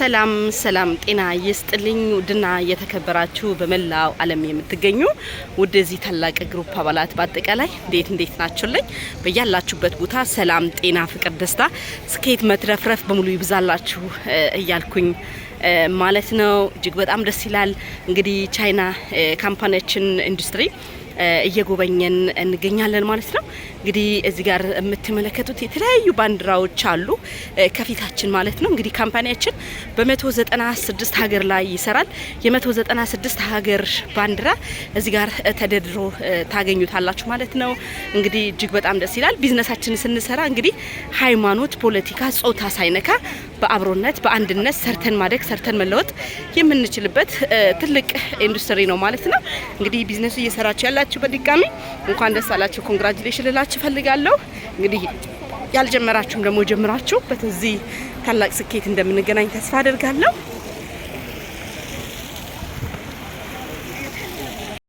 ሰላም ሰላም፣ ጤና ይስጥልኝ ውድና እየተከበራችሁ በመላው ዓለም የምትገኙ ውድ ታላቅ ግሩፕ አባላት በአጠቃላይ እንዴት እንዴት ናችሁልኝ? በያላችሁበት ቦታ ሰላም፣ ጤና፣ ፍቅር፣ ደስታ፣ ስኬት፣ መትረፍረፍ በሙሉ ይብዛላችሁ እያልኩኝ ማለት ነው። እጅግ በጣም ደስ ይላል። እንግዲህ ቻይና ካምፓኒያችን ኢንዱስትሪ እየጎበኘን እንገኛለን ማለት ነው። እንግዲህ እዚህ ጋር የምትመለከቱት የተለያዩ ባንዲራዎች አሉ ከፊታችን ማለት ነው። እንግዲህ ካምፓኒያችን በ196 ሀገር ላይ ይሰራል። የ196 ሀገር ባንዲራ እዚህ ጋር ተደርድሮ ታገኙታላችሁ ማለት ነው። እንግዲህ እጅግ በጣም ደስ ይላል። ቢዝነሳችን ስንሰራ እንግዲህ ሃይማኖት፣ ፖለቲካ፣ ጾታ ሳይነካ በአብሮነት በአንድነት ሰርተን ማደግ ሰርተን መለወጥ የምንችልበት ትልቅ ኢንዱስትሪ ነው ማለት ነው። እንግዲህ ቢዝነሱ እየሰራችሁ ያለ ላችሁ በድጋሚ እንኳን ደስ አላችሁ ኮንግራጁሌሽን ልላችሁ ፈልጋለሁ። እንግዲህ ያልጀመራችሁም ደግሞ ጀምራችሁ በዚህ ታላቅ ስኬት እንደምንገናኝ ተስፋ አደርጋለሁ።